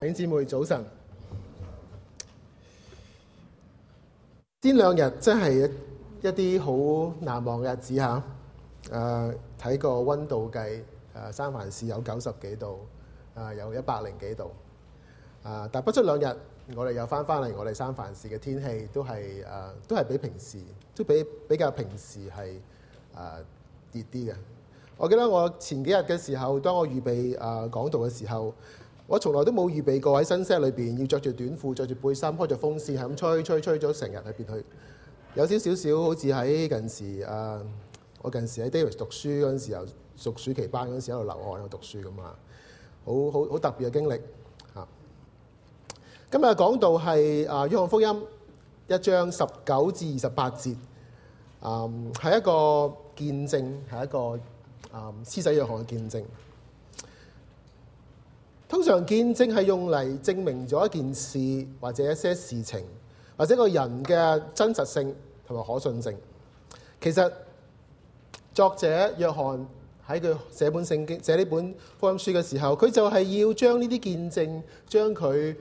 弟兄姊妹早晨，呢兩日真係一啲好難忘嘅日子吓。誒、啊，睇個溫度計，誒、啊，三藩市有九十幾度，啊，有一百零幾度。啊，但不出兩日，我哋又翻翻嚟，我哋三藩市嘅天氣都係誒，都係、啊、比平時都比比較平時係誒、啊、熱啲嘅。我記得我前幾日嘅時候，當我預備誒講、啊、道嘅時候。我從來都冇預備過喺新 set 裏邊要着住短褲、着住背心、開着風扇，係咁吹吹吹咗成日裏邊去。有少少少好似喺近時啊，uh, 我近時喺 David 讀書嗰陣時候，讀暑期班嗰陣時喺度流汗喺度讀書咁啊，好好好特別嘅經歷嚇。今日講到係啊《約翰福音》一章十九至二十八節，嗯、啊，係一個見證，係一個啊施洗約翰嘅見證。通常見證係用嚟證明咗一件事或者一些事情或者個人嘅真實性同埋可信性。其實作者約翰喺佢寫本聖經寫呢本福音書嘅時候，佢就係要將呢啲見證，將佢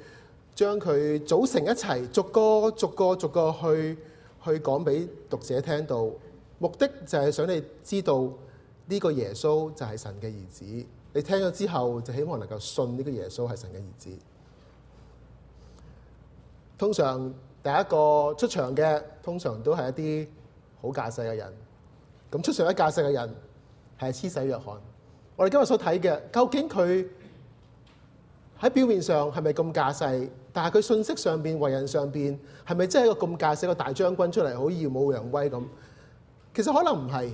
將佢組成一齊，逐個逐個逐個，逐個去去講俾讀者聽到。目的就係想你知道呢個耶穌就係神嘅兒子。你聽咗之後，就希望能夠信呢個耶穌係神嘅兒子。通常第一個出場嘅通常都係一啲好架勢嘅人。咁出場一架勢嘅人係施洗約翰。我哋今日所睇嘅，究竟佢喺表面上係咪咁架勢？但係佢信息上邊、為人上邊係咪真係一個咁架勢嘅大將軍出嚟好耀武揚威咁？其實可能唔係，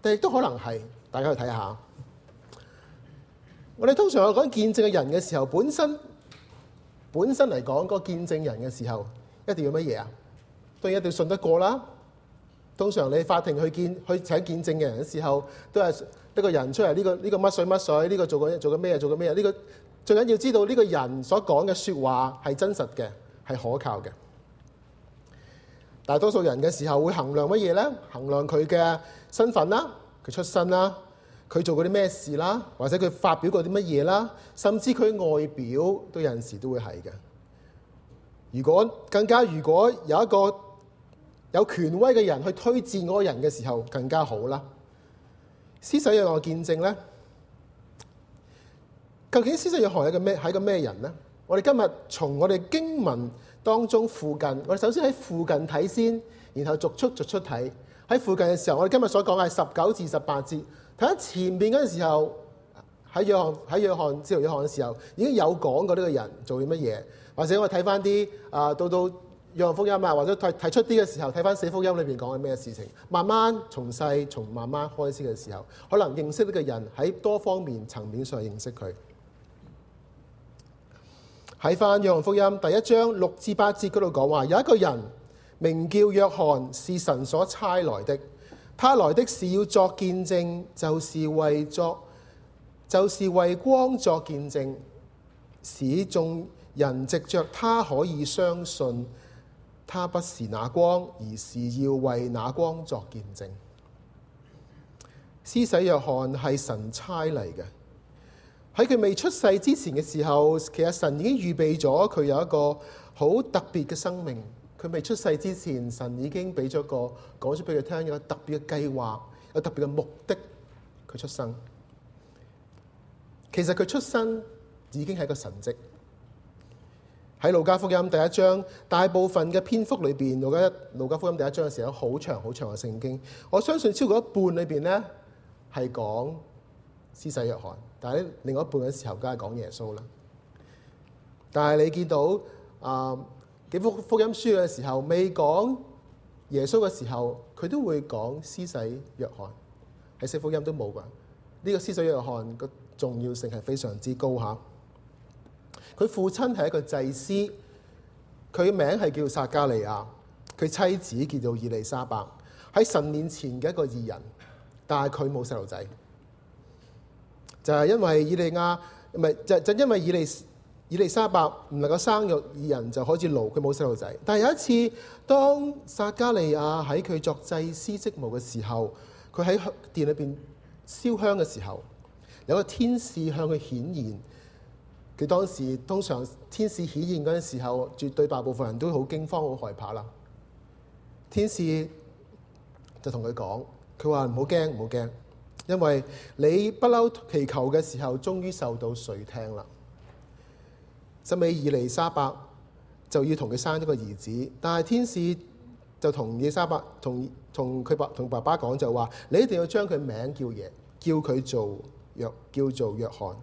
但亦都可能係。大家去睇下。我哋通常去講見證嘅人嘅時候，本身本身嚟講個見證人嘅時候，一定要乜嘢啊？都一定要信得過啦。通常你法庭去見去請見證嘅人嘅時候，都係一個人出嚟，呢個呢個乜水乜水，呢個做緊做緊咩嘢做緊咩嘢？呢個最緊要知道呢個人所講嘅説話係真實嘅，係可靠嘅。大多數人嘅時候會衡量乜嘢呢？衡量佢嘅身份啦，佢出身啦。佢做過啲咩事啦，或者佢發表過啲乜嘢啦，甚至佢外表都有陣時都會係嘅。如果更加，如果有一個有權威嘅人去推薦個人嘅時候，更加好啦。施洗約翰嘅見證咧，究竟施洗約翰係個咩？係個咩人呢？我哋今日從我哋經文當中附近，我哋首先喺附近睇先，然後逐出逐出睇。喺附近嘅時候，我哋今日所講嘅係十九至二十八節。睇下前面嗰陣時候，喺約翰喺約翰知道約翰嘅時候，已經有講過呢個人做咗乜嘢，或者我睇翻啲啊，到、呃、到約翰福音啊，或者睇睇出啲嘅時候，睇翻四福音裏邊講緊咩事情，慢慢從細從慢慢開始嘅時候，可能認識呢個人喺多方面層面上認識佢。喺翻約翰福音第一章六至八節嗰度講話，有一個人名叫約翰，是神所差來的。他來的是要作見證，就是為作，就是為光作見證，使眾人藉着他可以相信，他不是那光，而是要為那光作見證。施洗約翰係神差嚟嘅，喺佢未出世之前嘅時候，其實神已經預備咗佢有一個好特別嘅生命。佢未出世之前，神已經俾咗個講出俾佢聽，有特別嘅計劃，有特別嘅目的。佢出生，其實佢出生已經係個神蹟。喺路加福音第一章，大部分嘅篇幅裏邊，路加路加福音第一章嘅時候，有好長好長嘅聖經，我相信超過一半裏邊咧係講施洗約翰，但係另外一半嘅時候，梗係講耶穌啦。但係你見到啊？嗯幾封福音書嘅時候未講耶穌嘅時候，佢都會講施洗約翰，喺四福音都冇噶。呢、這個施洗約翰個重要性係非常之高吓。佢父親係一個祭司，佢嘅名係叫撒加利亞，佢妻子叫做以利沙伯，喺神面前嘅一個義人，但係佢冇細路仔，就係、是、因為以利亞，唔係就就是、因為以利。以利沙伯唔能夠生育，二人就開始老，佢冇細路仔。但係有一次，當撒加利亞喺佢作祭司職務嘅時候，佢喺殿裏邊燒香嘅時候，有個天使向佢顯現。佢當時通常天使顯現嗰陣時候，絕對大部分人都好驚慌、好害怕啦。天使就同佢講：佢話唔好驚、唔好驚，因為你不嬲祈求嘅時候，終於受到垂聽啦。甚尾以利沙伯就要同佢生咗個兒子，但係天使就同以利沙伯同同佢爸同爸爸講就話：你一定要將佢名叫嘢，叫佢做約叫做約翰。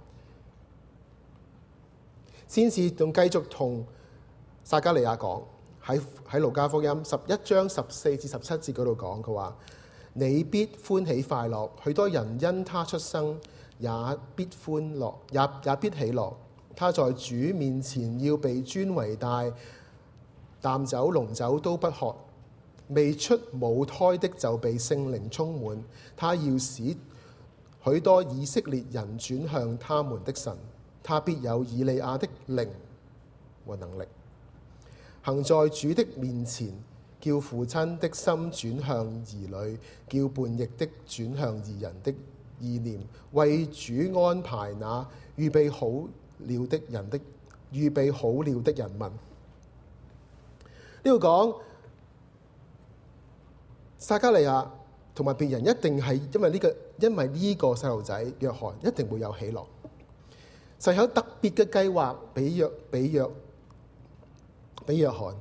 先至仲繼續同撒加利亞講，喺喺路加福音十一章十四至十七節嗰度講佢話：你必歡喜快樂，許多人因他出生也必歡樂，也也必喜樂。他在主面前要被尊為大，淡酒濃酒都不喝。未出母胎的就被聖靈充滿。他要使許多以色列人轉向他們的神。他必有以利亞的靈和能力，行在主的面前，叫父親的心轉向兒女，叫叛逆的轉向義人的意念。為主安排那預備好了的人的預備好了的人民，呢度講撒加利亞同埋別人一定係因為呢個，因為呢個細路仔約翰一定會有喜樂，神有特別嘅計劃俾約俾約俾約翰，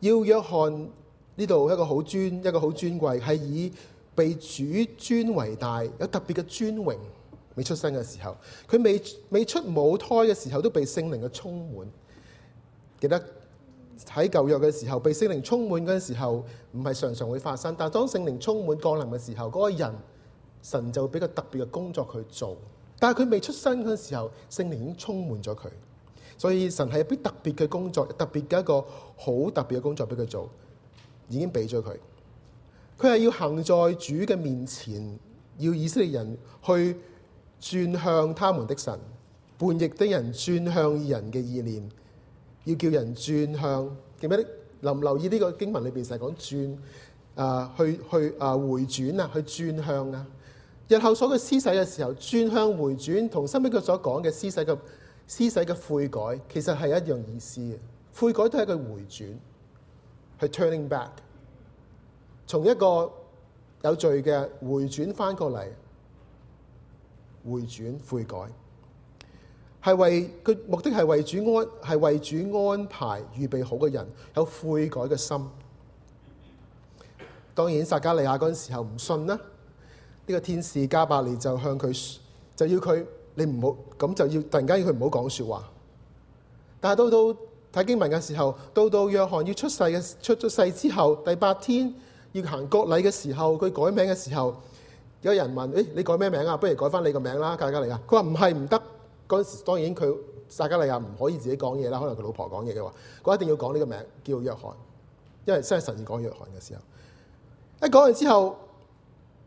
要約翰呢度一個好尊一個好尊貴，係以被主尊為大，有特別嘅尊榮。未出生嘅時候，佢未未出母胎嘅時候，都被聖靈嘅充滿。記得喺舊約嘅時候，被聖靈充滿嗰陣時候，唔係常常會發生。但係當聖靈充滿降臨嘅時候，嗰、那個人神就俾個特別嘅工作去做。但係佢未出生嗰陣時候，聖靈已經充滿咗佢，所以神係有啲特別嘅工作，特別嘅一個好特別嘅工作俾佢做，已經俾咗佢。佢係要行在主嘅面前，要以色列人去。轉向他們的神，叛逆的人轉向人嘅意念，要叫人轉向。記唔得？留唔留意呢個經文裏邊成日講轉？誒、呃，去去誒、呃、回轉啊，去轉向啊。日後所嘅施洗嘅時候，轉向回轉，同身邊佢所講嘅施洗嘅施洗嘅悔改，其實係一樣意思嘅。悔改都係一個回轉，係 turning back，從一個有罪嘅回轉翻過嚟。回轉悔改，係為佢目的係為主安係為主安排預備好嘅人有悔改嘅心。當然撒迦利亞嗰陣時候唔信啦，呢、這個天使加百利就向佢就要佢，你唔好咁就要突然間要佢唔好講說話。但係到到睇經文嘅時候，到到約翰要出世嘅出咗世之後第八天要行割禮嘅時候，佢改名嘅時候。有人問誒、欸，你改咩名啊？不如改翻你個名啦，撒迦利亞。佢話唔係唔得，嗰陣時當然佢撒迦利亞唔可以自己講嘢啦，可能佢老婆講嘢嘅話，佢一定要講呢個名叫約翰，因為真係神講約翰嘅時候。一講完之後，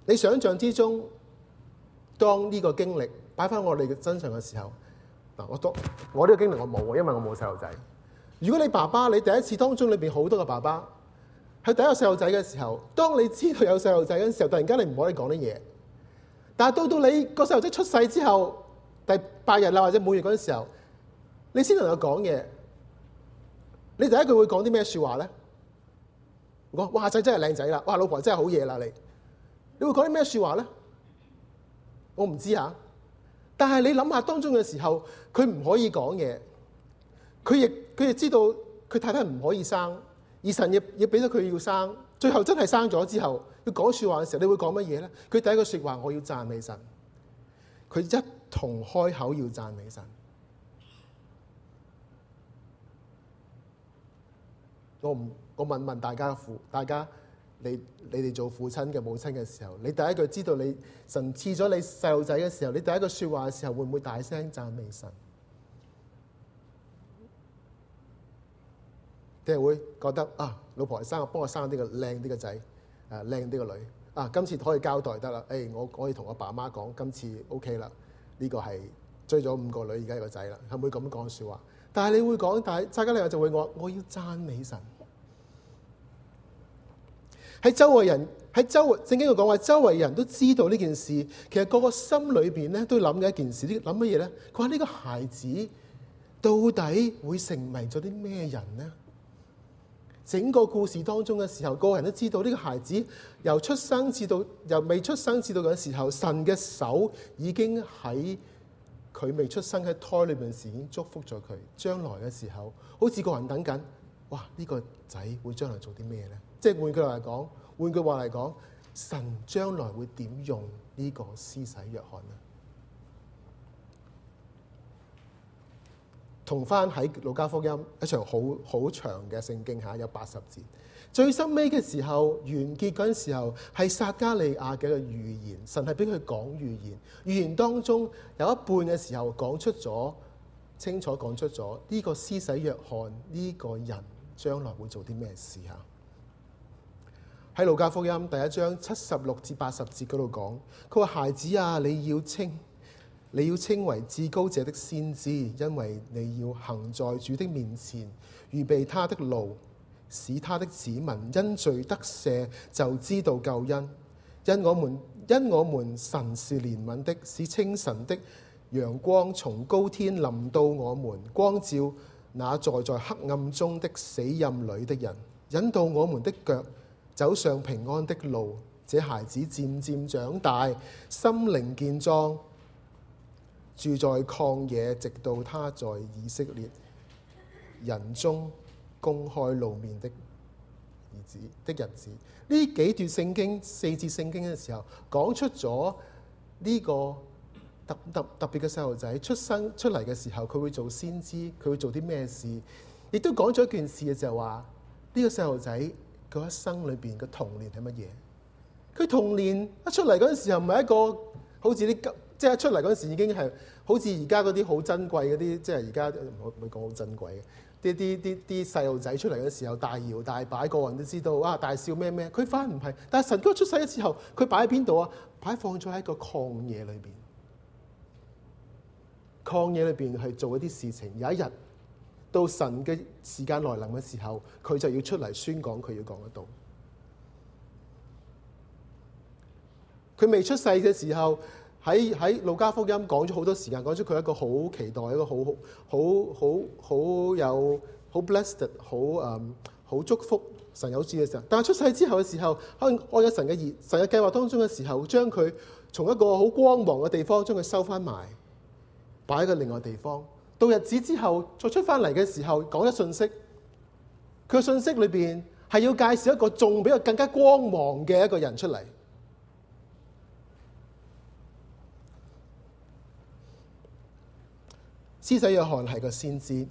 你想象之中，當呢個經歷擺翻我哋嘅身上嘅時候，嗱，我都，我呢個經歷我冇喎，因為我冇細路仔。如果你爸爸你第一次當中裏邊好多個爸爸喺第一個細路仔嘅時候，當你知道有細路仔嘅時候，突然間你唔可以講啲嘢。但係到到你個細路仔出世之後，第八日啦，或者滿月嗰陣時候，你先能夠講嘢。你第一句會講啲咩説話咧？我話：哇阿仔真係靚仔啦，哇！老婆真係好嘢啦，你。你會講啲咩説話咧？我唔知啊。但係你諗下當中嘅時候，佢唔可以講嘢。佢亦佢亦知道，佢太太唔可以生。以神亦亦俾咗佢要生。最後真係生咗之後，佢講説話嘅時候，你會講乜嘢呢？佢第一個説話，我要讚美神。佢一同開口要讚美神。我唔，我問問大家父，大家你你哋做父親嘅母親嘅時候，你第一句知道你神賜咗你細路仔嘅時候，你第一句説話嘅時候，會唔會大聲讚美神？即係會覺得啊，老婆生我，幫我生啲個靚啲個仔，誒靚啲個女啊。今次可以交代得啦，誒、欸，我可以同我爸媽講，今次 O K 啦。呢、這個係追咗五個女，而家有個仔啦，係唔會咁講説話。但係你會講，但係撒迦利亞就會我我要讚美神喺周圍人喺周圍正經佢講話，周圍人都知道呢件事。其實個個心裏邊咧都諗嘅一件事，諗乜嘢咧？佢話呢個孩子到底會成為咗啲咩人咧？整個故事當中嘅時候，個人都知道呢個孩子由出生至到由未出生至到嘅時候，神嘅手已經喺佢未出生喺胎裏邊時已經祝福咗佢。將來嘅時候，好似個人等緊，哇！呢個仔會將來做啲咩呢？」即係換句話嚟講，換句話嚟講，神將來會點用呢個施洗約翰呢？同翻喺路加福音，一場好好長嘅聖經下有八十節。最深尾嘅時候，完結嗰陣時候，係撒加利亞嘅一個預言，神係俾佢講預言。預言當中有一半嘅時候講出咗，清楚講出咗呢、這個施洗約翰呢個人將來會做啲咩事嚇。喺路加福音第一章七十六至八十節嗰度講，佢話：孩子啊，你要清。你要稱為至高者的先知，因為你要行在主的面前，預備他的路，使他的子民因罪得赦，就知道救恩。因我們因我們神是憐憫的，是清晨的陽光從高天臨到我們，光照那坐在，在黑暗中的死蔭裏的人，引導我們的腳走上平安的路。這孩子漸漸長大，心靈健壯。住在曠野，直到他在以色列人中公開露面的日子的日子。呢幾段聖經、四節聖經嘅時候，講出咗呢個特特特別嘅細路仔出生出嚟嘅時候，佢會做先知，佢會做啲咩事？亦都講咗一件事嘅就係、是、話，呢、這個細路仔佢一生裏邊嘅童年係乜嘢？佢童年一出嚟嗰陣時候，唔係一個好似啲咁。即係出嚟嗰陣時已經係好似而家嗰啲好珍貴嗰啲，即係而家唔好唔好講好珍貴嘅，啲啲啲啲細路仔出嚟嘅時候大搖大擺，個人都知道啊，大笑咩咩，佢反唔係。但係神哥出世咗之後，佢擺喺邊度啊？擺放咗喺個曠野裏邊，曠野裏邊去做一啲事情。有一日到神嘅時間來臨嘅時候，佢就要出嚟宣講，佢要講得到。佢未出世嘅時候。喺喺《路加福音》講咗好多時間，講出佢一個好期待，一個好好好好有好 blessed，好誒好祝福神有志嘅時候。但係出世之後嘅時候，可能按咗神嘅意、神嘅計劃當中嘅時候，將佢從一個好光芒嘅地方，將佢收翻埋，擺喺個另外個地方。到日子之後再出翻嚟嘅時候，講一信息。佢嘅信息裏邊係要介紹一個仲比佢更加光芒嘅一個人出嚟。.施洗約翰係個先知，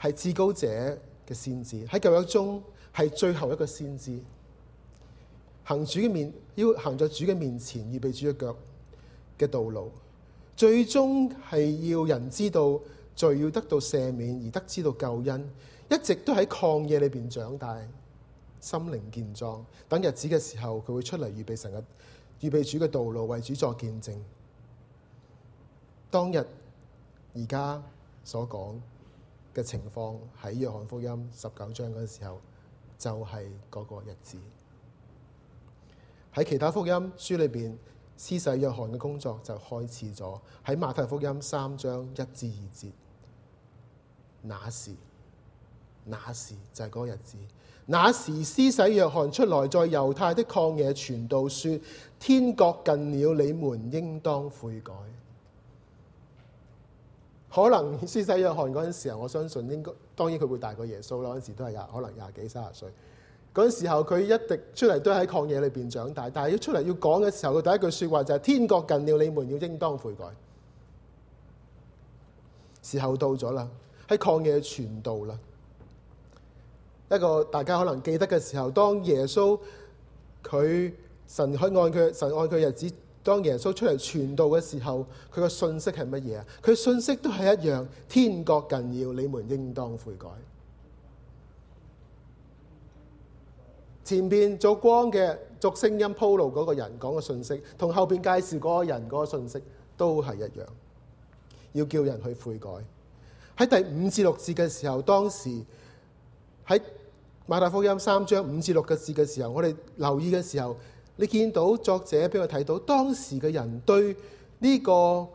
係至高者嘅先知，喺舊約中係最後一個先知。行主嘅面，要行在主嘅面前，預備主嘅腳嘅道路。最終係要人知道罪要得到赦免，而得知到救恩。一直都喺曠野裏邊長大，心靈健壯。等日子嘅時候，佢會出嚟預備神嘅，預備主嘅道路，為主作見證。當日，而家。所講嘅情況喺約翰福音十九章嗰時候，就係嗰個日子。喺其他福音書裏邊，施洗約翰嘅工作就開始咗。喺馬太福音三章一至二節，那時，那時就係嗰個日子。那時施洗約翰出來，在猶太的曠野傳道，説：天國近了，你們應當悔改。可能施洗約翰嗰陣時候，我相信應該當然佢會大過耶穌啦。嗰陣時都係廿可能廿幾三十歲。嗰陣時候佢一直出嚟都喺曠野裏邊長大，但係要出嚟要講嘅時候，佢第一句説話就係、是、天國近了，你們要應當悔改。時候到咗啦，喺曠野傳道啦。一個大家可能記得嘅時候，當耶穌佢神去愛佢神愛佢日子。當耶穌出嚟傳道嘅時候，佢個信息係乜嘢啊？佢信息都係一樣，天國近要，你們應當悔改。前邊做光嘅、做聲音鋪路嗰個人講嘅信息，同後邊介紹嗰個人嗰個信息都係一樣，要叫人去悔改。喺第五至六節嘅時候，當時喺馬太福音三章五至六嘅節嘅時候，我哋留意嘅時候。你見到作者畀我睇到當時嘅人對呢個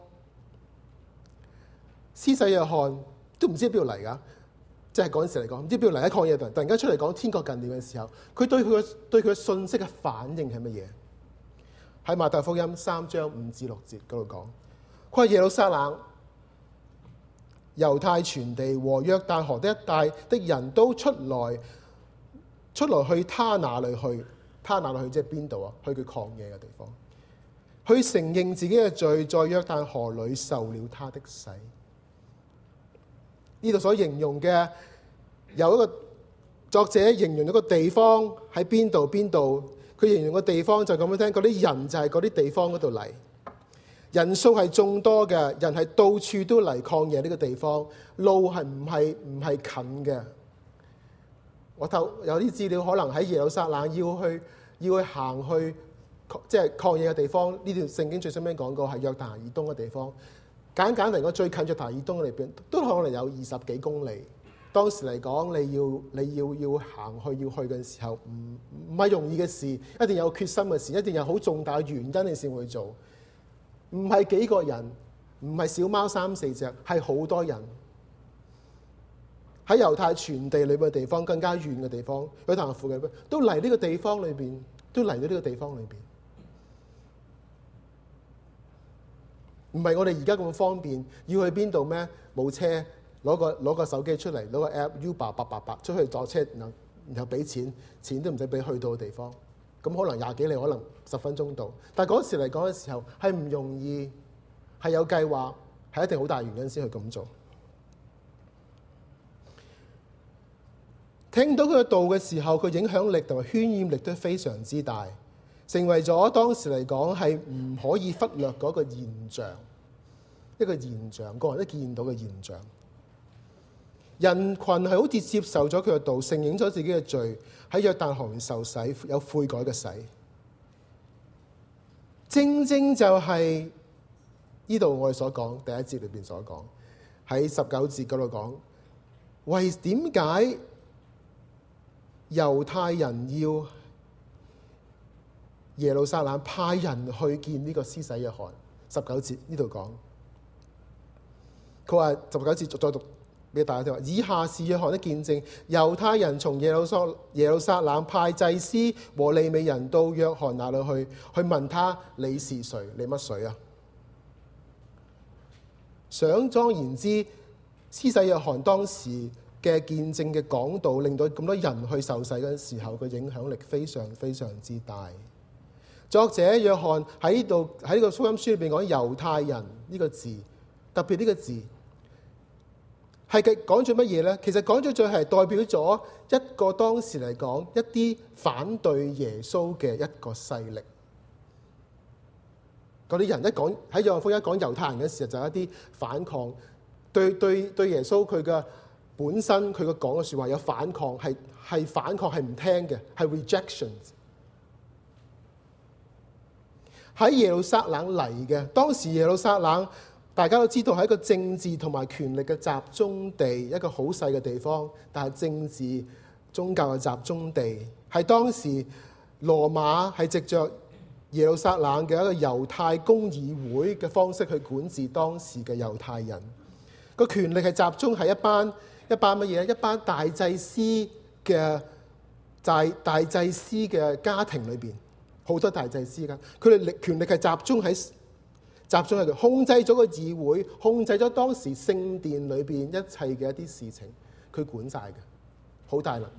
施洗約翰都唔知喺邊度嚟㗎？即係嗰陣時嚟講，唔知邊度嚟，喺曠野突然間出嚟講天國近了嘅時候，佢對佢嘅對佢嘅信息嘅反應係乜嘢？喺馬太福音三章五至六節嗰度講，佢話耶路撒冷，猶太全地和約旦河的一帶的人都出來，出來去他那裡去。他哪落去？即係邊度啊？去佢曠野嘅地方，去承認自己嘅罪，在約旦河裏受了他的洗。呢度所形容嘅，有一個作者形容一個地方喺邊度？邊度？佢形容個地方就咁樣聽，嗰啲人就係嗰啲地方嗰度嚟，人數係眾多嘅，人係到處都嚟曠野呢個地方，路係唔係唔係近嘅。我透有啲資料，可能喺耶路撒冷要去要去行去即係曠野嘅地方。呢段聖經最上面講過係約但河東嘅地方。簡簡嚟講，最近約但河東裏邊都，都可能有二十幾公里。當時嚟講，你要你要你要，要行去要去嘅時候，唔唔係容易嘅事，一定有決心嘅事，一定有好重大嘅原因你先會做。唔係幾個人，唔係小貓三四隻，係好多人。喺猶太傳地裏邊嘅地方，更加遠嘅地方，佢哋話附近都嚟呢個地方裏邊，都嚟到呢個地方裏邊。唔係我哋而家咁方便，要去邊度咩？冇車，攞個攞個手機出嚟，攞個 app Uber 八八八出去坐車，然後然後俾錢，錢都唔使俾，去到嘅地方，咁可能廿幾里可能十分鐘到。但係嗰時嚟講嘅時候，係唔容易，係有計劃，係一定好大原因先去咁做。聽到佢嘅道嘅時候，佢影響力同埋渲染力都非常之大，成為咗當時嚟講係唔可以忽略嗰個現象。一個現象，個人都見到嘅現象。人群係好似接受咗佢嘅道，承認咗自己嘅罪，喺約旦河受洗有悔改嘅洗，正正就係呢度我哋所講第一節裏邊所講喺十九節嗰度講，為點解？猶太人要耶路撒冷派人去見呢個施洗約翰，十九節呢度講，佢話十九節再讀俾大家聽。話以下是約翰的見證，猶太人從耶路索耶路撒冷派祭司和利未人到約翰那裏去，去問他，你是誰，你乜水啊？想當然之，施洗約翰當時。嘅見證嘅講道，令到咁多人去受洗嗰陣時候，佢影響力非常非常之大。作者約翰喺呢度喺個福音書裏邊講猶太人呢個字，特別呢個字係講住乜嘢呢？其實講咗最係代表咗一個當時嚟講一啲反對耶穌嘅一個勢力。嗰啲人一講喺約翰福音一講猶太人嘅時候，就係、一啲反抗對對對耶穌佢嘅。本身佢個講嘅説話有反抗，係係反抗，係唔聽嘅，係 rejection。喺耶路撒冷嚟嘅，當時耶路撒冷大家都知道係一個政治同埋權力嘅集中地，一個好細嘅地方，但係政治宗教嘅集中地，係當時羅馬係藉着耶路撒冷嘅一個猶太公議會嘅方式去管治當時嘅猶太人，個權力係集中喺一班。一班乜嘢？一班大祭司嘅大大祭司嘅家庭裏邊，好多大祭司㗎，佢哋力權力係集中喺集中喺度，控制咗個議會，控制咗當時聖殿裏邊一切嘅一啲事情，佢管晒嘅，好大能力。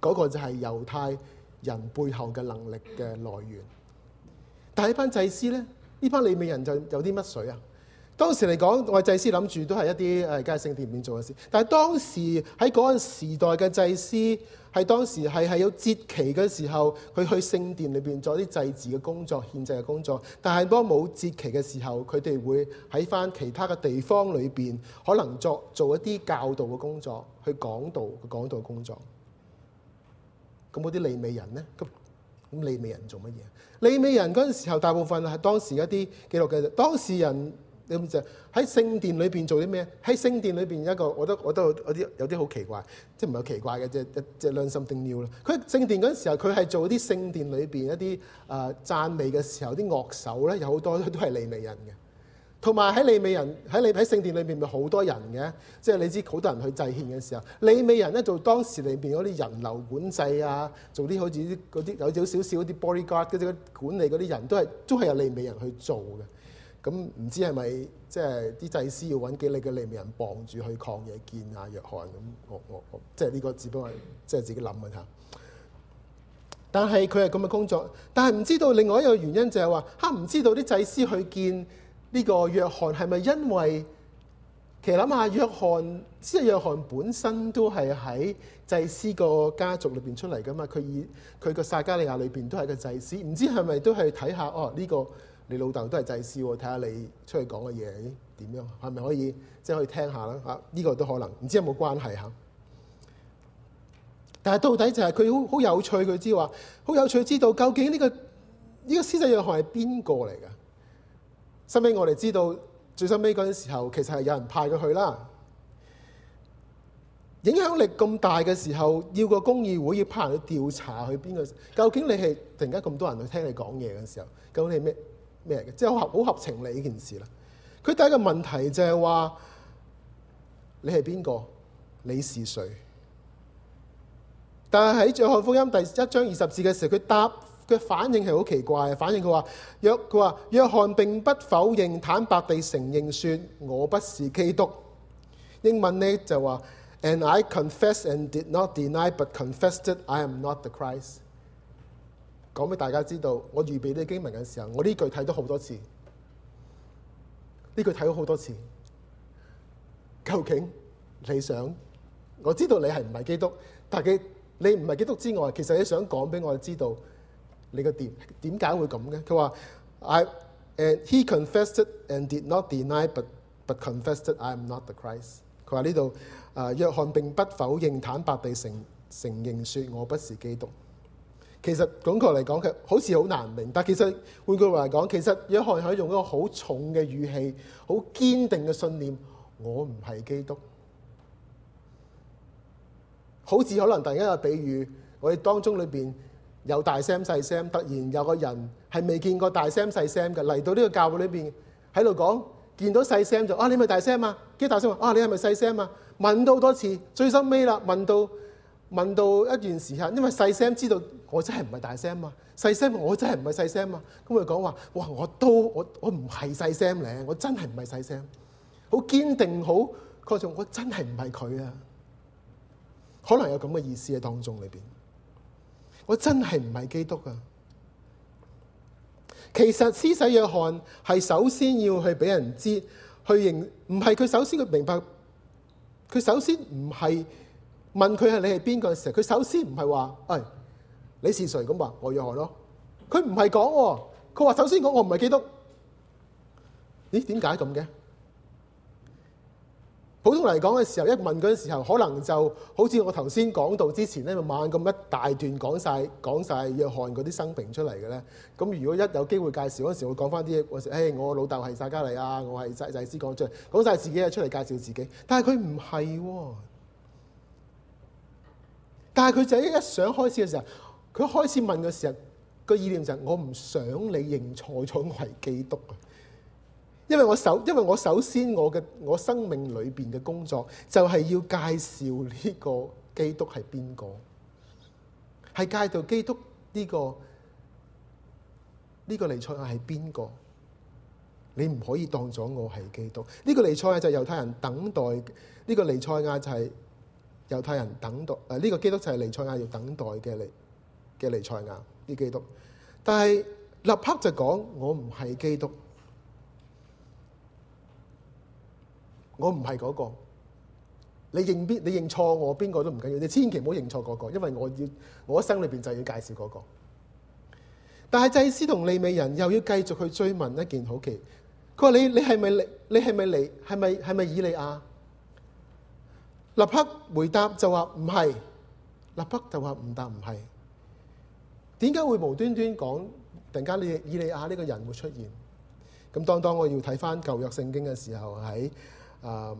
嗰、那個就係猶太人背後嘅能力嘅來源，但係一班祭司咧。呢班利未人就有啲乜水啊？當時嚟講，我哋祭司諗住都係一啲誒介聖殿面做嘅事。但係當時喺嗰陣時代嘅祭司，喺當時係係有節期嘅時候，佢去聖殿裏邊做啲祭祀嘅工作、獻祭嘅工作。但係當冇節期嘅時候，佢哋會喺翻其他嘅地方裏邊，可能作做，做一啲教導嘅工作，去講道嘅講道工作。咁嗰啲利未人呢？咁利未人做乜嘢？利未人嗰陣時候，大部分係當時一啲記錄嘅，當事人咁就喺聖殿裏邊做啲咩？喺聖殿裏邊一個，我都我都，我都有啲有啲好奇怪，即係唔係好奇怪嘅，即係即係兩心定妙啦。佢聖殿嗰陣時候，佢係做啲聖殿裏邊一啲誒、呃、讚美嘅時候，啲樂手咧有好多都係利未人嘅。同埋喺利未人喺利喺聖殿裏邊咪好多人嘅，即係你知好多人去祭獻嘅時候，利未人咧做當時裏邊嗰啲人流管制啊，做啲好似啲嗰啲有少少少啲 bodyguard 嗰啲管理嗰啲人都係都係由利未人去做嘅。咁、嗯、唔知係咪即係啲祭司要揾幾嚟嘅利未人傍住去抗嘢見啊約翰咁？我我即係呢個只不過即係自己諗下。但係佢係咁嘅工作，但係唔知道另外一個原因就係話嚇唔知道啲祭司去見。呢個約翰係咪因為其實諗下約翰即係約翰本身都係喺祭司個家族裏邊出嚟噶嘛？佢以佢個撒加利亞裏邊都係個祭司，唔知係咪都係睇下哦？呢、這個你老豆都係祭司喎，睇下你出去講嘅嘢點樣，係咪可以即係、就是、可以聽下啦？嚇、啊，呢、這個都可能，唔知有冇關係嚇、啊。但係到底就係佢好好有趣，佢知話好有趣，知道究竟呢、這個呢、這個施洗約翰係邊個嚟㗎？收尾我哋知道，最收尾嗰陣時候，其實係有人派佢去啦。影響力咁大嘅時候，要個公議會要派人去調查佢邊個，究竟你係突然間咁多人去聽你講嘢嘅時候，究竟你係咩咩嘅？即係好合好合情理呢件事啦。佢第一個問題就係話：你係邊個？你是誰？但係喺《約翰福音》第一章二十節嘅時候，佢答。佢反應係好奇怪啊！反應，佢話約，佢話約翰並不否認，坦白地承認，說我不是基督。英文呢就話，And I confessed and did not deny, but confessed it I am not the Christ。講俾大家知道，我預備啲經文嘅時候，我呢句睇咗好多次，呢句睇咗好多次。究竟你想我知道你係唔係基督？但係你唔係基督之外，其實你想講俾我哋知道。你個點點解會咁嘅？佢話：I and he confessed and did not deny, but but confessed I am not the Christ。佢話呢度啊，約翰並不否認，坦白地承承認說我不是基督。其實準確嚟講，佢好似好難明，但其實換句話嚟講，其實約翰可以用一個好重嘅語氣、好堅定嘅信念，我唔係基督。好似可能大家有比喻，我哋當中裏邊，有大聲細聲，突然有個人係未見過大聲細聲嘅嚟到呢個教會裏邊喺度講，見到細聲就啊你咪大聲嘛，啊，跟住大聲話啊你係咪細聲嘛？問到好多次，最收尾啦，問到問到一段時間，因為細聲知道我真係唔係大聲嘛，細聲我真係唔係細聲嘛，咁佢講話哇我都我我唔係細聲咧，我真係唔係細聲，好堅定好，確信我真係唔係佢啊，可能有咁嘅意思喺當中裏邊。我真係唔係基督啊！其實施洗約翰係首先要去俾人知，去認唔係佢首先佢明白，佢首先唔係問佢係你係邊個嘅時候，佢首先唔係話誒你是誰咁話、哎、我約翰咯，佢唔係講，佢話首先講我唔係基督，咦點解咁嘅？普通嚟講嘅時候，一問嗰陣時候，可能就好似我頭先講到之前咧，慢咁一大段講晒，講晒約翰嗰啲生平出嚟嘅咧。咁如果一有機會介紹嗰時，我講翻啲嘢，我誒我老豆係撒加利亞，我係祭祭司講出嚟，講晒自己嘅出嚟介紹自己。但係佢唔係喎，但係佢就一想開始嘅時候，佢開始問嘅時候，個意念就係、是、我唔想你認錯咗，我係基督啊。因為我首，因為我首先我嘅我生命裏邊嘅工作就係要介紹呢個基督係邊個，係介紹基督呢個呢個尼賽亞係邊個？你唔可以當咗我係基督。呢個尼賽亞就係猶太人等待，呢個尼賽亞就係猶太人等待，誒呢個基督就係尼賽亞要等待嘅尼嘅尼賽亞，啲基督。但係立刻就講我唔係基督。我唔係嗰個，你認邊你認錯我邊個都唔緊要，你千祈唔好認錯嗰個，因為我要我一生裏邊就要介紹嗰個。但係祭司同利未人又要繼續去追問一件好奇，佢話你你係咪你係咪嚟係咪係咪以利亞？立刻回答就話唔係，立刻就話唔答唔係。點解會無端端講突然間你以利亞呢個人會出現？咁當當我要睇翻舊約聖經嘅時候喺。啊！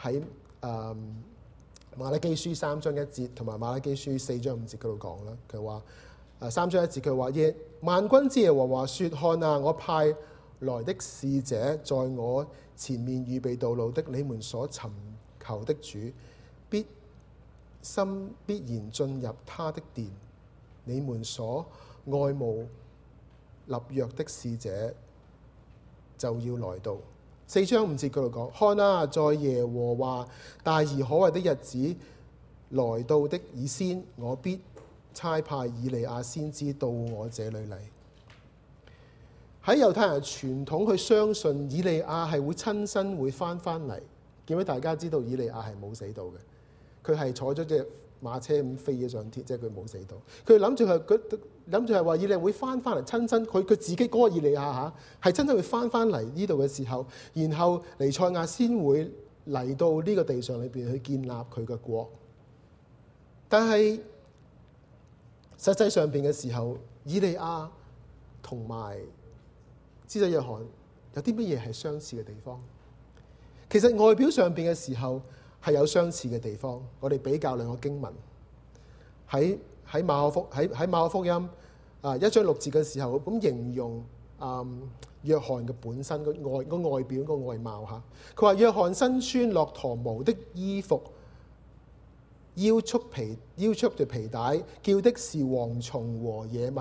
喺、uh，《啊、uh, 馬拉基書，三基書》三章一節同埋《馬拉基書》四章五節嗰度講啦，佢話：啊三章一節佢話耶萬軍之耶和華說看啊，我派來的使者在我前面預備道路的，你們所尋求的主必心必然進入他的殿，你們所愛慕立約的使者就要來到。四章五節佢度講，看啦、啊，在耶和華大而可畏的日子來到的以先，我必差派以利亞先知到我這裡嚟。喺猶 太人傳統，佢相信以利亞係會親身會返返嚟，點解大家知道以利亞係冇死到嘅？佢係坐咗隻馬車咁飛咗上天，即係佢冇死到。佢諗住係佢諗住係話，以利亞會翻翻嚟親親佢。佢自己嗰個以利亞嚇係親親會翻翻嚟呢度嘅時候，然後尼賽亞先會嚟到呢個地上裏邊去建立佢嘅國。但係實際上邊嘅時候，以利亞同埋施洗約翰有啲乜嘢係相似嘅地方？其實外表上邊嘅時候。係有相似嘅地方，我哋比較兩個經文，喺、喺馬可福、喺喺馬可福音啊一章六字嘅時候，咁形容啊約翰嘅本身個外個外表個外貌，嚇，佢話約翰身穿駱駝毛的衣服，腰束皮腰束住皮帶，叫的是蝗蟲和野蜜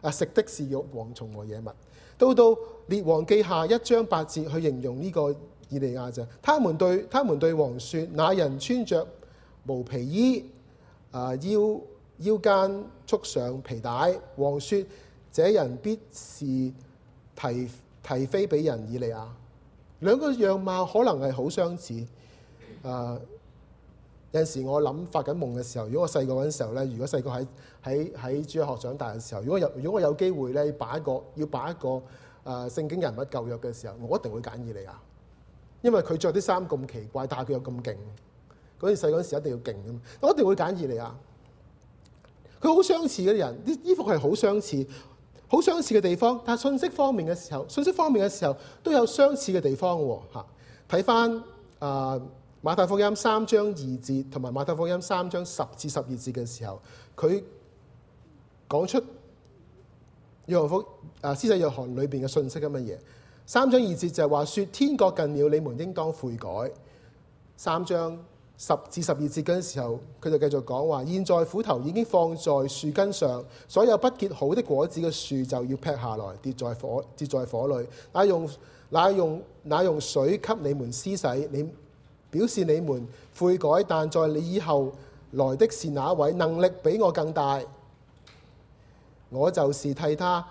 啊食的是肉蝗蟲和野蜜，到到列王記下一章八字去形容呢、這個。以利亞就，他們對他們對王說：那人穿着毛皮衣，呃、腰腰間束上皮帶。王說：這人必是提提非比人以利亞。兩個樣貌可能係好相似。呃、有陣時我諗發緊夢嘅時候，如果我細個嗰陣時候呢，如果細個喺喺喺主啊學長大嘅時候，如果有如果我有機會呢，把一個要把一個啊聖經人物舊約嘅時候，我一定會揀以利亞。因為佢着啲衫咁奇怪，但係佢又咁勁。嗰陣細嗰時一定要勁嘅，我一定會揀以利亞。佢好相似啲人，啲衣服係好相似、好相似嘅地方。但係信息方面嘅時候，信息方面嘅時候都有相似嘅地方喎。睇翻啊、呃、馬太福音三章二節同埋馬太福音三章十至十二節嘅時候，佢講出約翰福音啊施洗約翰裏邊嘅信息係乜嘅嘢？三章二節就係話説天國近了，你們應當悔改。三章十至十二節嗰陣時候，佢就繼續講話：現在斧頭已經放在樹根上，所有不結好的果子嘅樹就要劈下來，跌在火跌在火裏。那用那用那用水給你們施洗，你表示你們悔改，但在你以後來的是哪位能力比我更大？我就是替他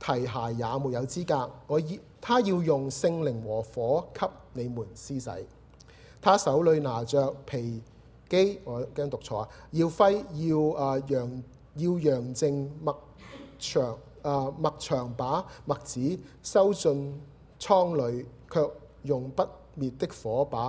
提鞋也沒有資格。我以他要用聖靈和火給你們施洗，他手裏拿着簸箕，我驚讀錯啊，要揮要啊揚要揚淨麥場啊麥場把麥，麥子收進倉裏，卻用不滅的火把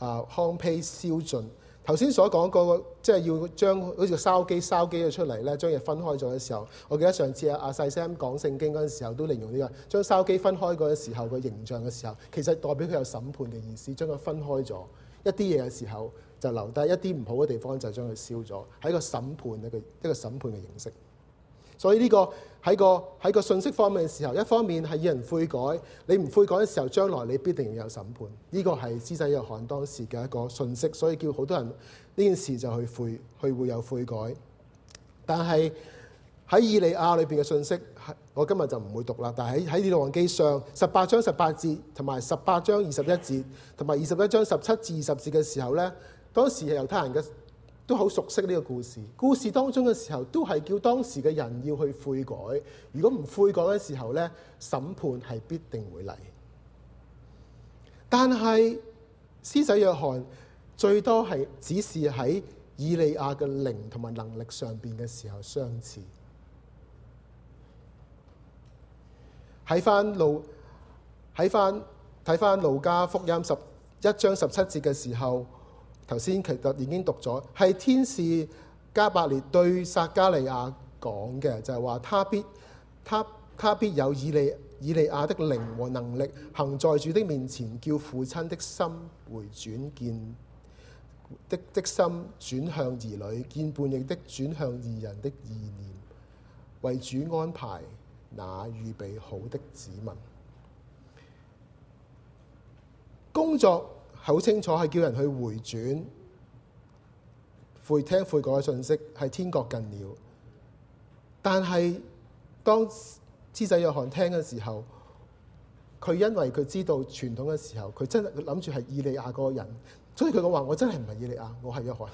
啊糠秕燒盡。頭先所講嗰個，即係要將好似燒機燒機咗出嚟咧，將嘢分開咗嘅時候，我記得上次啊啊細 Sam 講聖經嗰陣時候，都利用呢個將燒機分開嗰陣時候嘅形象嘅時候，其實代表佢有審判嘅意思，將佢分開咗一啲嘢嘅時候，就留低一啲唔好嘅地方就，就將佢燒咗，係一個審判嘅一個一個審判嘅形式。所以呢、這個喺個喺個信息方面嘅時候，一方面係要人悔改，你唔悔改嘅時候，將來你必定要有審判。呢、這個係施洗約翰當時嘅一個信息，所以叫好多人呢件事就去悔，去會有悔改。但係喺以利亞裏邊嘅信息，我今日就唔會讀啦。但係喺《列王記》上十八章十八節，同埋十八章二十一節，同埋二十一章十七至二十節嘅時候呢，當時係猶太人嘅。都好熟悉呢個故事。故事當中嘅時候，都係叫當時嘅人要去悔改。如果唔悔改嘅時候咧，審判係必定會嚟。但係施洗約翰最多係只是喺以利亞嘅靈同埋能力上面嘅時候相似。喺翻路，喺翻睇翻路加福音十一章十七節嘅時候。頭先其實已經讀咗，係天使加百列對撒迦利亞講嘅，就係、是、話他必他他必有以利以利亞的靈和能力，行在主的面前，叫父親的心回轉，見的的心轉向兒女，見叛逆的轉向義人的意念，為主安排那預備好的子民工作。好清楚係叫人去回轉、悔聽、悔改嘅信息係天國近了。但係當施洗約翰聽嘅時候，佢因為佢知道傳統嘅時候，佢真係諗住係以利亞嗰個人，所以佢講話：我真係唔係以利亞，我係約翰。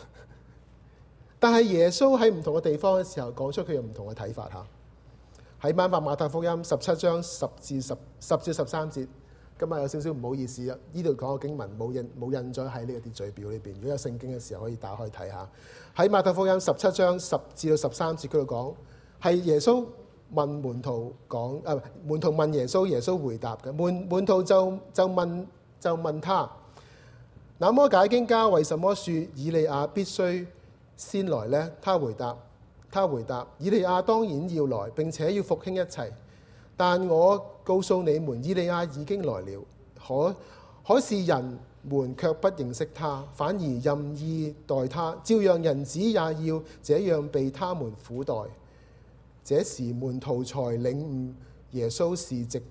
但係耶穌喺唔同嘅地方嘅時候講出佢有唔同嘅睇法嚇。喺馬法馬太福音十七章十至十十至十三節。今日有少少唔好意思啊！呢度講嘅經文冇印冇印咗喺呢個啲嘴表裏邊。如果有聖經嘅時候，可以打開睇下。喺馬太福音十七章十至到十三節，佢講係耶穌問門徒講，啊門徒問耶穌，耶穌回答嘅。門門徒就就問就問他：那麼解經家為什麼説以利亞必須先來呢？」他回答他回答：以利亞當然要來，並且要復興一切，但我告訴你們，以利亞已經來了，可可是人們卻不認識他，反而任意待他，照樣人子也要這樣被他們苦待。這時門徒才領悟，耶穌是直，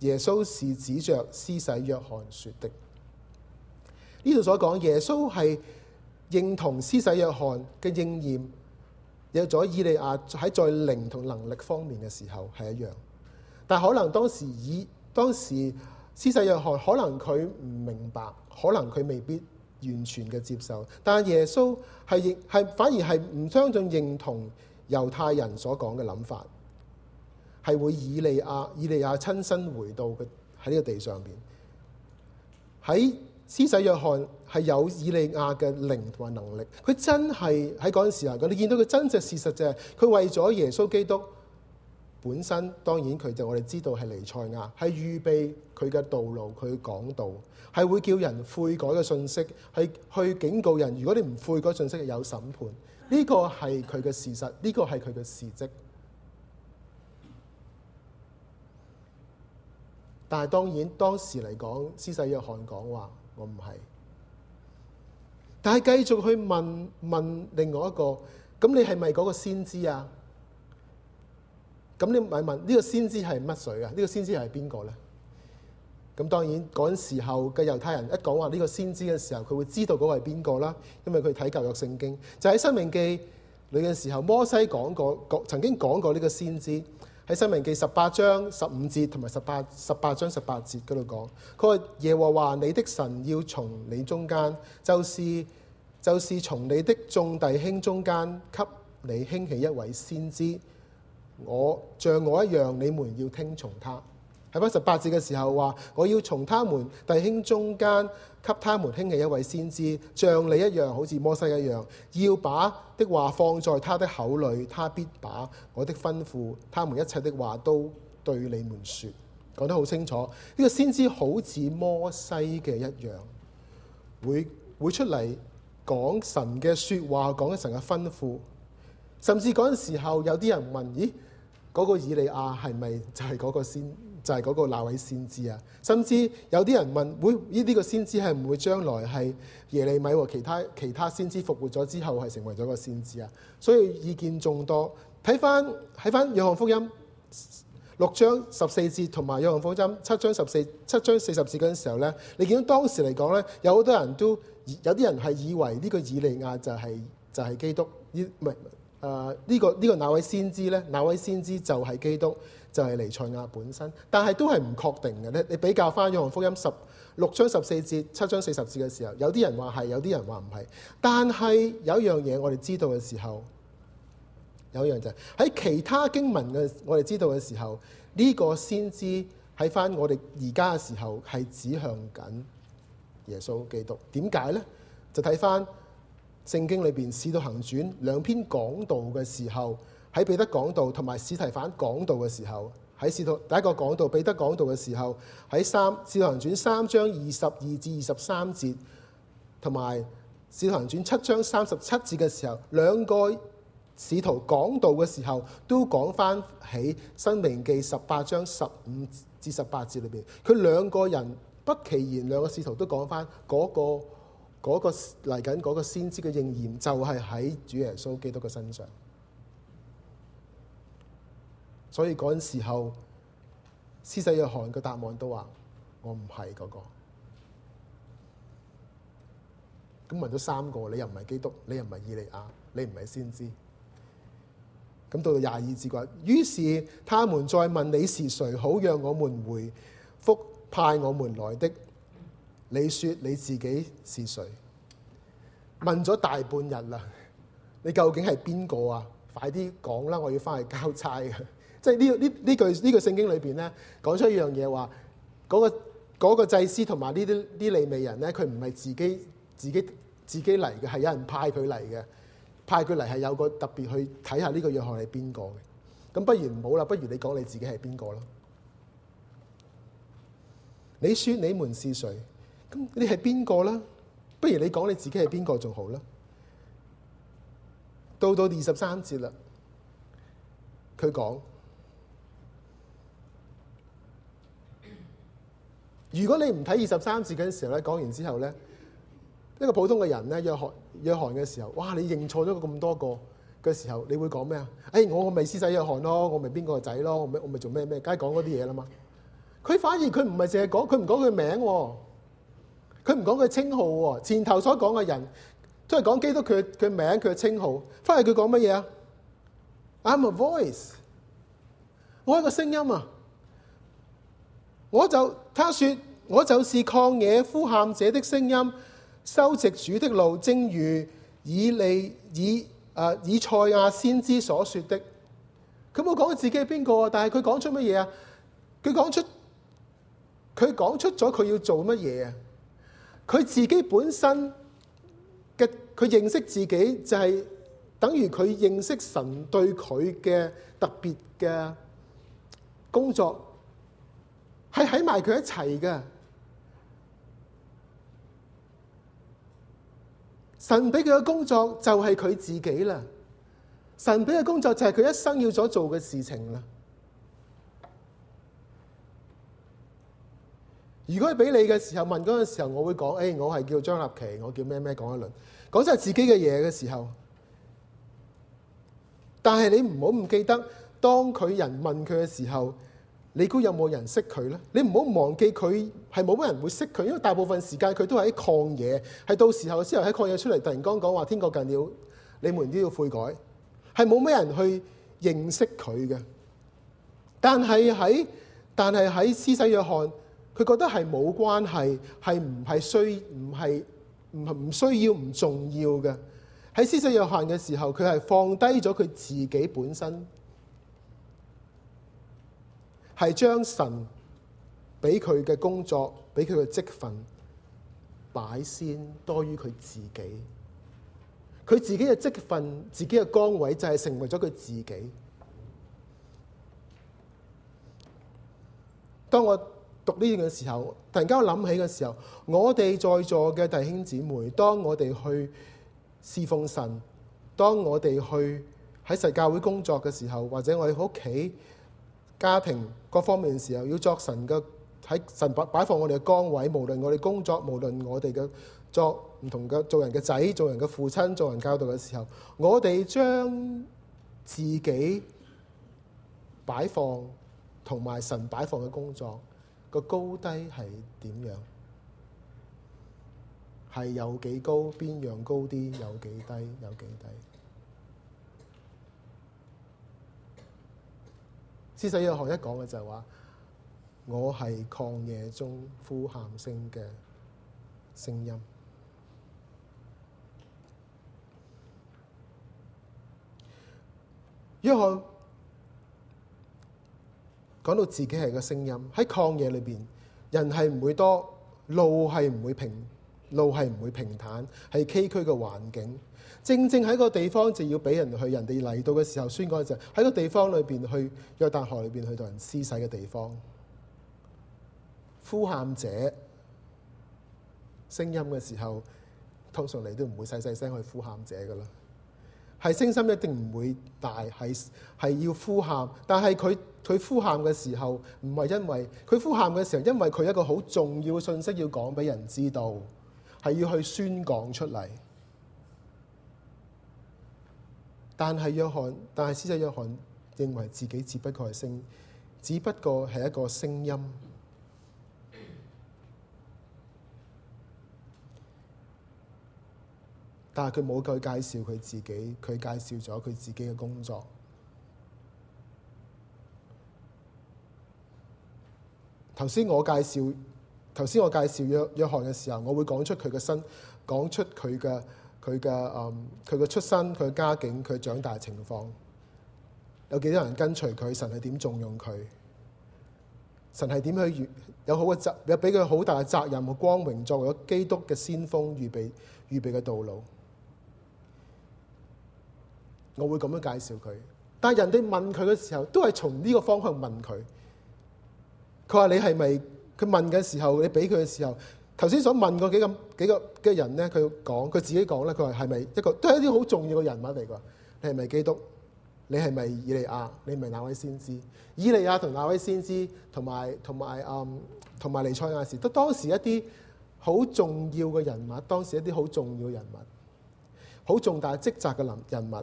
耶穌是指着施洗約翰說的。呢度所講，耶穌係認同施洗約翰嘅應驗，有咗以利亞喺在靈同能力方面嘅時候係一樣。但可能當時已，當時施洗約翰可能佢唔明白，可能佢未必完全嘅接受。但係耶穌係認係反而係唔相信認同猶太人所講嘅諗法，係會以利亞以利亞親身回到嘅喺呢個地上邊。喺施洗約翰係有以利亞嘅靈同埋能力，佢真係喺嗰陣時啊！你見到佢真實事實就係佢為咗耶穌基督。本身當然佢就我哋知道係彌賽亞，係預備佢嘅道路，佢講道，係會叫人悔改嘅信息，係去警告人。如果你唔悔改，信息有審判。呢個係佢嘅事實，呢個係佢嘅事蹟。但係當然當時嚟講，施洗約翰講話我唔係。但係繼續去問問另外一個，咁你係咪嗰個先知啊？咁你咪問呢個先知係乜水啊？呢個先知係邊個呢？咁當然嗰陣時候嘅猶太人一講話呢個先知嘅時候，佢會知道嗰個係邊個啦，因為佢睇舊約聖經。就喺《申命記》嗰陣時候，摩西講過曾經講過呢個先知喺《申命記》十八章十五節同埋十八十八章十八節嗰度講，佢話耶和華你的神要從你中間，就是就是從你的眾弟兄中間，給你興起一位先知。我像我一樣，你們要聽從他。喺一十八節嘅時候話，我要從他們弟兄中間給他們興起一位先知，像你一樣，好似摩西一樣，要把的話放在他的口裏，他必把我的吩咐、他們一切的話都對你們説。講得好清楚，呢、這個先知好似摩西嘅一樣，會會出嚟講神嘅説話，講神嘅吩咐，甚至嗰陣時候有啲人問：，咦？嗰個以利亞係咪就係嗰個先就係、是、嗰個那位先知啊？甚至有啲人問：，會呢啲、這個先知係唔會將來係耶利米和其他其他先知復活咗之後係成為咗個先知啊？所以意見眾多。睇返睇返《約翰福音》六章十四節同埋《約翰福音》七章十四七章四十節嗰陣時候呢，你見到當時嚟講呢，有好多人都有啲人係以為呢個以利亞就係、是、就係、是、基督，呢唔係？誒呢、啊這個呢、這個哪位先知呢？哪位先知就係基督，就係、是、彌賽亞本身。但係都係唔確定嘅咧。你比較翻《約翰福音十》十六章十四節、七章四十節嘅時候，有啲人話係，有啲人話唔係。但係有一樣嘢我哋知道嘅時候，有一樣就係、是、喺其他經文嘅我哋知道嘅時候，呢、這個先知喺翻我哋而家嘅時候係指向緊耶穌基督。點解呢？就睇翻。聖經裏邊《使徒行傳》兩篇講道嘅時候，喺彼得講道同埋司提反講道嘅時候，喺使徒第一個講道彼得講道嘅時候，喺三《使徒行傳》三章二十二至二十三節，同埋《使徒行傳》七章三十七節嘅時候，兩個使徒講道嘅時候都講翻喺《申命記》十八章十五至十八節裏邊，佢兩個人不其然兩個使徒都講翻嗰個。嗰、那個嚟緊嗰個先知嘅應驗就係喺主耶穌基督嘅身上，所以嗰陣時候施洗約翰個答案都話：我唔係嗰個。咁問咗三個，你又唔係基督，你又唔係以利亞，你唔係先知。咁到到廿二節話，於是他們再問你是誰，好讓我們回復派我們來的。你說你自己是誰？問咗大半日啦，你究竟係邊個啊？快啲講啦，我要翻去交差嘅。即係呢呢呢句呢句聖經裏邊咧，講出一樣嘢話，嗰個嗰個祭司同埋呢啲啲利未人咧，佢唔係自己自己自己嚟嘅，係有人派佢嚟嘅。派佢嚟係有個特別去睇下呢個約翰係邊個嘅。咁不如唔好啦，不如你講你自己係邊個啦。你說你們是誰？你係邊個啦？不如你講你自己係邊個仲好啦。到到二十三節啦，佢講：如果你唔睇二十三節嘅時候咧，講完之後咧，一個普通嘅人咧約翰約翰嘅時候，哇！你認錯咗咁多個嘅時候，你會講咩、哎、啊？誒，我我咪施洗約翰咯，我咪邊個仔咯，我咪我咪做咩咩，梗係講嗰啲嘢啦嘛。佢反而佢唔係淨係講，佢唔講佢名。佢唔講佢稱號喎、哦，前頭所講嘅人都係講基督佢佢名佢嘅稱號，翻嚟佢講乜嘢啊？I'm a voice，我有個聲音啊！我就，他說我就是曠野呼喊者的聲音，修直主的路，正如以利以啊、呃、以賽亞先知所說的。佢冇講自己係邊個？但係佢講出乜嘢啊？佢講出佢講出咗佢要做乜嘢啊？佢自己本身嘅佢認識自己就係，等於佢認識神對佢嘅特別嘅工作，係喺埋佢一齊嘅。神俾佢嘅工作就係佢自己啦。神俾嘅工作就係佢一生要咗做嘅事情啦。如果係俾你嘅時候問嗰陣時候，我會講：誒、哎，我係叫張立祺，我叫咩咩。講一輪，講晒自己嘅嘢嘅時候。但係你唔好唔記得，當佢人問佢嘅時候，你估有冇人識佢咧？你唔好忘記佢係冇乜人會識佢，因為大部分時間佢都係喺抗嘢，係到時候之後喺抗嘢出嚟，突然間講話天國近了，你們都要悔改，係冇咩人去認識佢嘅。但係喺但係喺施洗約翰。佢覺得係冇關係，係唔係需、唔係唔、唔需要唔重要嘅？喺思勢有限嘅時候，佢係放低咗佢自己本身，係將神俾佢嘅工作俾佢嘅職份擺先多於佢自己。佢自己嘅職份、自己嘅崗位就係成為咗佢自己。當我讀呢樣嘅時候，突然間我諗起嘅時候，我哋在座嘅弟兄姊妹，當我哋去侍奉神，當我哋去喺神教會工作嘅時候，或者我哋屋企家庭各方面嘅時候，要作神嘅喺神擺擺放我哋嘅崗位，無論我哋工作，無論我哋嘅作唔同嘅做人嘅仔，做人嘅父親，做人教導嘅時候，我哋將自己擺放同埋神擺放嘅工作。個高低係點樣？係有幾高？邊樣高啲？有幾低？有幾低？施洗約翰一講嘅就係話，我係曠野中呼喊聲嘅聲音。一項。講到自己係個聲音喺曠野裏邊，人係唔會多，路係唔會平，路係唔會平坦，係崎嶇嘅環境。正正喺個地方就要俾人去，人哋嚟到嘅時候宣講就喺個地方裏邊去約旦河裏邊去同人施洗嘅地方。呼喊者聲音嘅時候，通常你都唔會細細聲去呼喊者㗎喇，係聲音一定唔會大，係係要呼喊，但係佢。佢呼喊嘅時候，唔係因為佢呼喊嘅時候，因為佢一個好重要嘅信息要講俾人知道，係要去宣講出嚟。但係約翰，但係施洗約翰認為自己只不過係聲，只不過係一個聲音。但係佢冇佢介紹佢自己，佢介紹咗佢自己嘅工作。頭先我介紹，頭先我介紹約約翰嘅時候，我會講出佢嘅身，講出佢嘅佢嘅嗯，佢嘅出身，佢嘅家境，佢長大嘅情況，有幾多人跟隨佢？神係點重用佢？神係點去有好嘅責有俾佢好大嘅責任和光榮，作為咗基督嘅先鋒，預備預備嘅道路。我會咁樣介紹佢，但係人哋問佢嘅時候，都係從呢個方向問佢，佢話你係咪？佢問嘅時候，你俾佢嘅時候，頭先想問過幾個嘅人咧？佢講佢自己講咧。佢話係咪一個都係一啲好重要嘅人物嚟㗎？你係咪基督？你係咪以利亞？你唔係那位先知？以利亞同那位先知同埋同埋嗯同埋彌賽亞時，都當時一啲好重要嘅人物，當時一啲好重要嘅人物，好重大職責嘅林人物。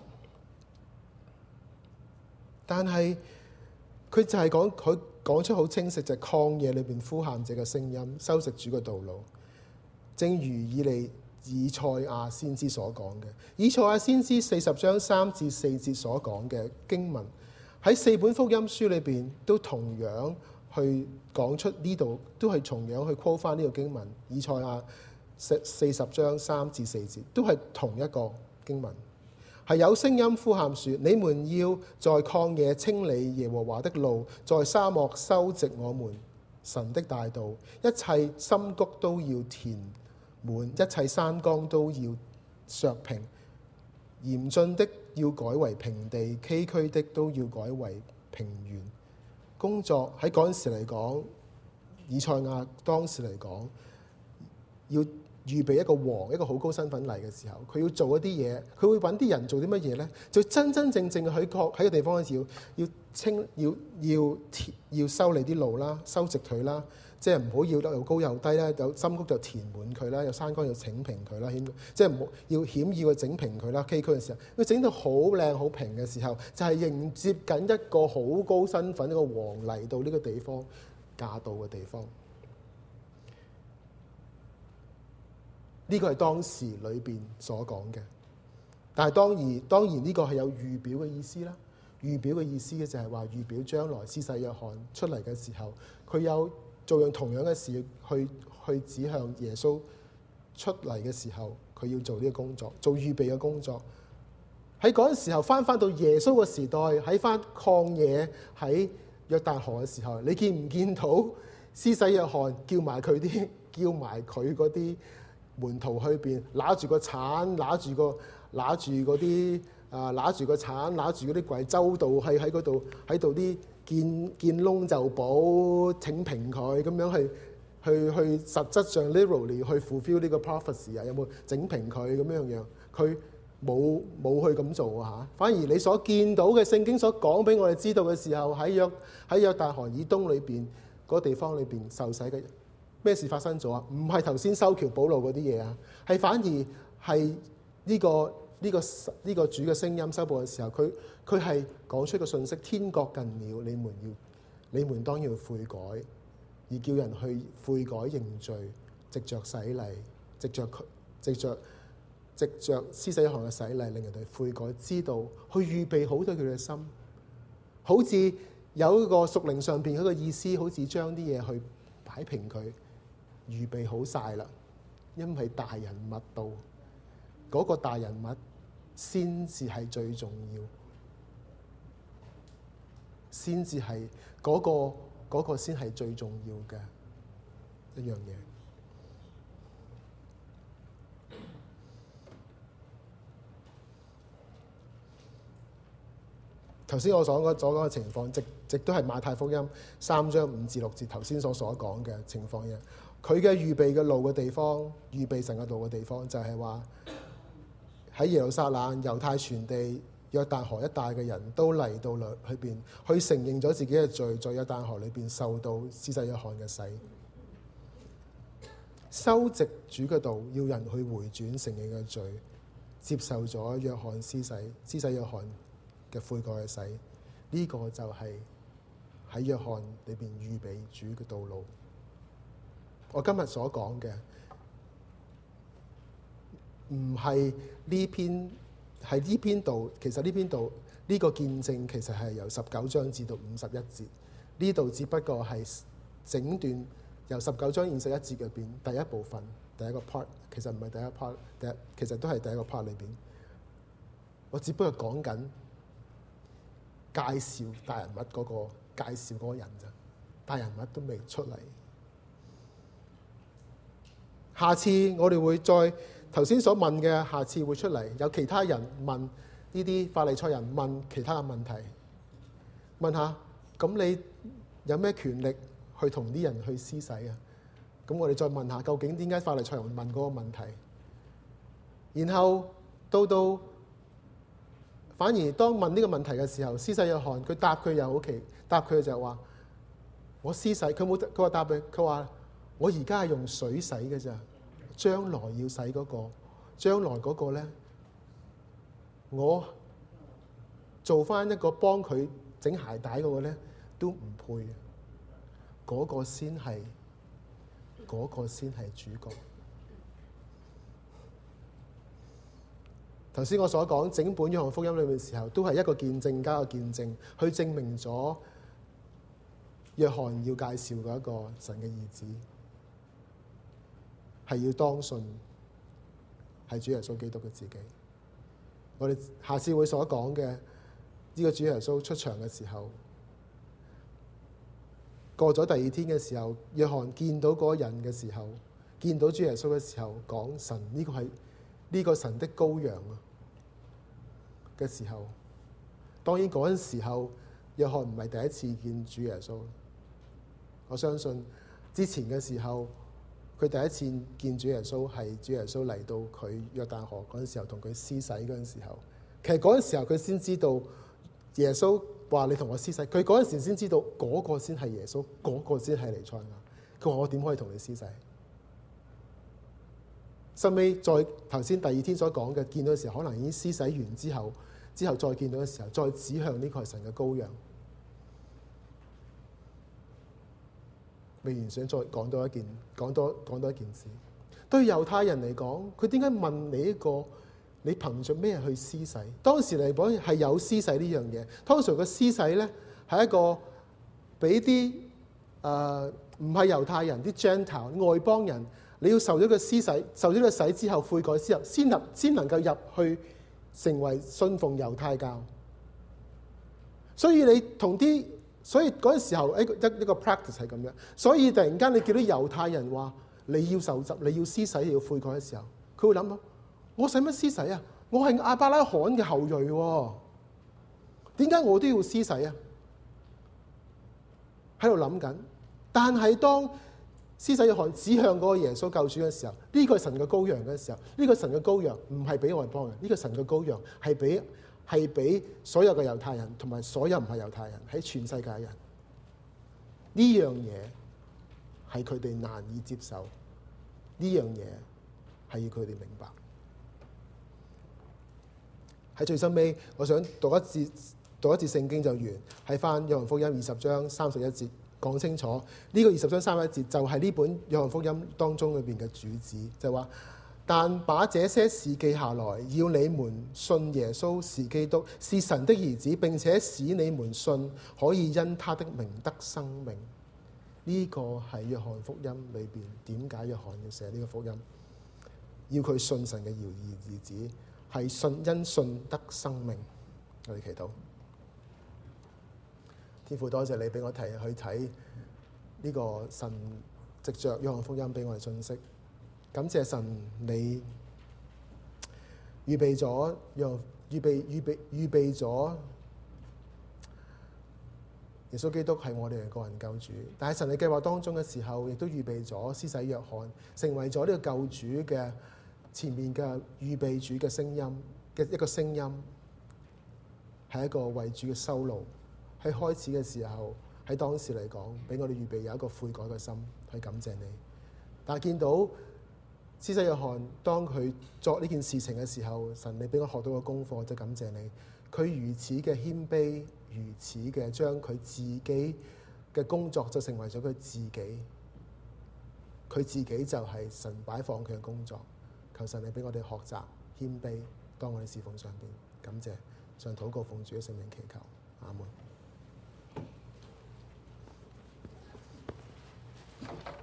但係佢就係講佢。講出好清晰，就是、曠野裏邊呼喊者嘅聲音，修直主嘅道路，正如以嚟以賽亞先知所講嘅。以賽亞先知四十章三至四節所講嘅經文，喺四本福音書裏邊都同樣去講出呢度，都係同樣去 call 翻呢個經文。以賽亞四四十章三至四節都係同一個經文。係有聲音呼喊說：你們要在曠野清理耶和華的路，在沙漠修直我們神的大道，一切深谷都要填滿，一切山崗都要削平，嚴峻的要改為平地，崎嶇的都要改為平原。工作喺嗰陣時嚟講，以賽亞當時嚟講，要。預備一個王，一個好高身份嚟嘅時候，佢要做一啲嘢，佢會揾啲人做啲乜嘢呢？就真真正正喺個喺個地方嘅時候，要清要要要，要，收收要要要修理啲路啦，修直佢啦，即係唔好要得又高又低啦，有深谷就填滿佢啦，有山崗要整平佢啦，險即係冇要，要險要整平佢啦，崎嶇嘅時候，佢整到好靚好平嘅時候，就係、是、迎接緊一個好高身份一個王嚟到呢個地方駕到嘅地方。呢個係當時裏邊所講嘅，但係當然當然呢個係有預表嘅意思啦。預表嘅意思嘅就係話預表將來施洗約翰出嚟嘅時候，佢有做用同樣嘅事去去指向耶穌出嚟嘅時候，佢要做呢個工作，做預備嘅工作。喺嗰陣時候，翻翻到耶穌嘅時代，喺翻曠野喺約旦河嘅時候，你見唔見到施洗約翰叫埋佢啲叫埋佢嗰啲？門徒去邊攞住個鏟，攞住個攞住嗰啲啊，攞住個鏟，攞住嗰啲櫃周到，喺喺嗰度，喺度啲見見窿就補，整平佢咁樣去去去，去去實質上 literally 去 fulfill 呢個 prophecy 啊，有冇整平佢咁樣樣？佢冇冇去咁做啊嚇！反而你所見到嘅聖經所講俾我哋知道嘅時候，喺約喺約旦河以東裏邊嗰地方裏邊受洗嘅。咩事發生咗啊？唔係頭先修橋補路嗰啲嘢啊，係反而係呢個呢個呢個主嘅聲音。修補嘅時候，佢佢係講出個信息：天國近了，你們要你們當然要悔改，而叫人去悔改認罪，藉著洗禮，藉著藉著藉著施洗約翰嘅洗禮，令人哋悔改，知道去預備好咗佢嘅心，好似有一個屬靈上邊嗰個意思，好似將啲嘢去擺平佢。預備好晒啦，因為大人物到嗰、嗰個大人物先至係最重要，先至係嗰個先係、嗰個、最重要嘅一樣嘢。頭先我講嘅所講嘅情況，直直都係馬太福音三章五至六節頭先所所講嘅情況嘅。佢嘅預備嘅路嘅地方，預備神嘅路嘅地方，就係話喺耶路撒冷、猶太全地、約旦河一帶嘅人都嚟到裏邊，去承認咗自己嘅罪，在約旦河裏邊受到施洗約翰嘅洗，修直主嘅道，要人去回轉承認嘅罪，接受咗約翰施洗、施洗約翰嘅悔改嘅洗。呢個就係喺約翰裏邊預備主嘅道路。我今日所講嘅唔係呢篇，喺呢篇度，其實呢篇度呢個見證其實係由十九章至到五十一節，呢度只不過係整段由十九章五十一節入邊第一部分，第一個 part 其實唔係第一 part，第一其實都係第一個 part 裏邊。我只不過講緊介紹大人物嗰個介紹嗰個人咋，大人物都未出嚟。下次我哋會再頭先所問嘅，下次會出嚟有其他人問呢啲法利賽人問其他嘅問題。問下，咁你有咩權力去同啲人去施洗啊？咁我哋再問下，究竟點解法利賽人會問嗰個問題？然後到到反而當問呢個問題嘅時候，施洗約翰佢答佢又好奇，答佢就話：我施洗，佢冇，佢話答佢，佢話我而家係用水洗嘅咋。將來要洗嗰、嗰個，將來嗰個呢，我做翻一個幫佢整鞋帶嗰個呢，都唔配。嗰、嗰個先係，嗰、嗰個、先係主角。頭先我所講整本約翰福音裡面嘅時候，都係一個見證加一個見證，去證明咗約翰要介紹嘅一個神嘅兒子。係要當信，係主耶穌基督嘅自己。我哋下次會所講嘅呢個主耶穌出場嘅時候，過咗第二天嘅時候，約翰見到嗰個人嘅時候，見到主耶穌嘅時候，講神呢個係呢個神的羔羊啊嘅時候，當然嗰陣時候約翰唔係第一次見主耶穌，我相信之前嘅時候。佢第一次見主耶穌係主耶穌嚟到佢約旦河嗰陣時候，同佢施洗嗰陣時候，其實嗰陣時候佢先知道耶穌話你同我施洗，佢嗰陣時先知道嗰個先係耶穌，嗰個先係彌賽亞。佢話我點可以同你施洗？後尾再頭先第二天所講嘅見到嘅時候，可能已經施洗完之後，之後再見到嘅時候，再指向呢個係神嘅羔羊。原先想再講多一件，講多講多一件事。對猶太人嚟講，佢點解問你一個？你憑着咩去施洗？當時嚟講係有施洗呢樣嘢。通常個施洗咧係一個俾啲誒唔係猶太人啲 Gentile 外邦人，你要受咗個施洗，受咗個洗之後悔改之後，先能先能夠入去成為信奉猶太教。所以你同啲。所以嗰陣、那個、時候，一個一個 practice 係咁樣。所以突然間你見到猶太人話你要受責，你要施洗你要悔改嘅時候，佢會諗啊：我使乜施洗啊？我係亞伯拉罕嘅後裔喎，點解我都要施洗啊？喺度諗緊。但係當施洗約翰指向嗰個耶穌救主嘅時候，呢、這個神嘅羔羊嘅時候，呢、這個神嘅羔羊唔係俾外邦人嘅，呢、這個神嘅羔羊係俾。係俾所有嘅猶太人，同埋所有唔係猶太人，喺全世界嘅人。呢樣嘢係佢哋難以接受，呢樣嘢係要佢哋明白。喺最新尾，我想讀一節，讀一節聖經就完。喺翻《約翰福音》二十章三十一節講清楚，呢、這個二十章三十一節就係呢本《約翰福音》當中裏邊嘅主旨，就係話、是。但把這些事記下來，要你們信耶穌是基督，是神的兒子，並且使你們信，可以因他的名得生命。呢、這個係約翰福音裏邊點解約翰要寫呢個福音？要佢信神嘅遙兒兒子，係信因信得生命。我哋祈禱，天父，多謝你俾我睇去睇呢個神藉著約翰福音俾我哋信息。感謝神，你預備咗，又預備預備預備咗耶穌基督係我哋嘅個人救主。但係神，你計劃當中嘅時候，亦都預備咗施洗約翰成為咗呢個救主嘅前面嘅預備主嘅聲音嘅一個聲音，係一個為主嘅修路。喺開始嘅時候，喺當時嚟講，俾我哋預備有一個悔改嘅心去感謝你。但係見到。施洗約翰當佢作呢件事情嘅時候，神你俾我學到個功課，就感謝你。佢如此嘅謙卑，如此嘅將佢自己嘅工作就成為咗佢自己，佢自己就係神擺放佢嘅工作。求神你俾我哋學習謙卑，當我哋侍奉上邊，感謝，上禱告奉主嘅聖名祈求，阿門。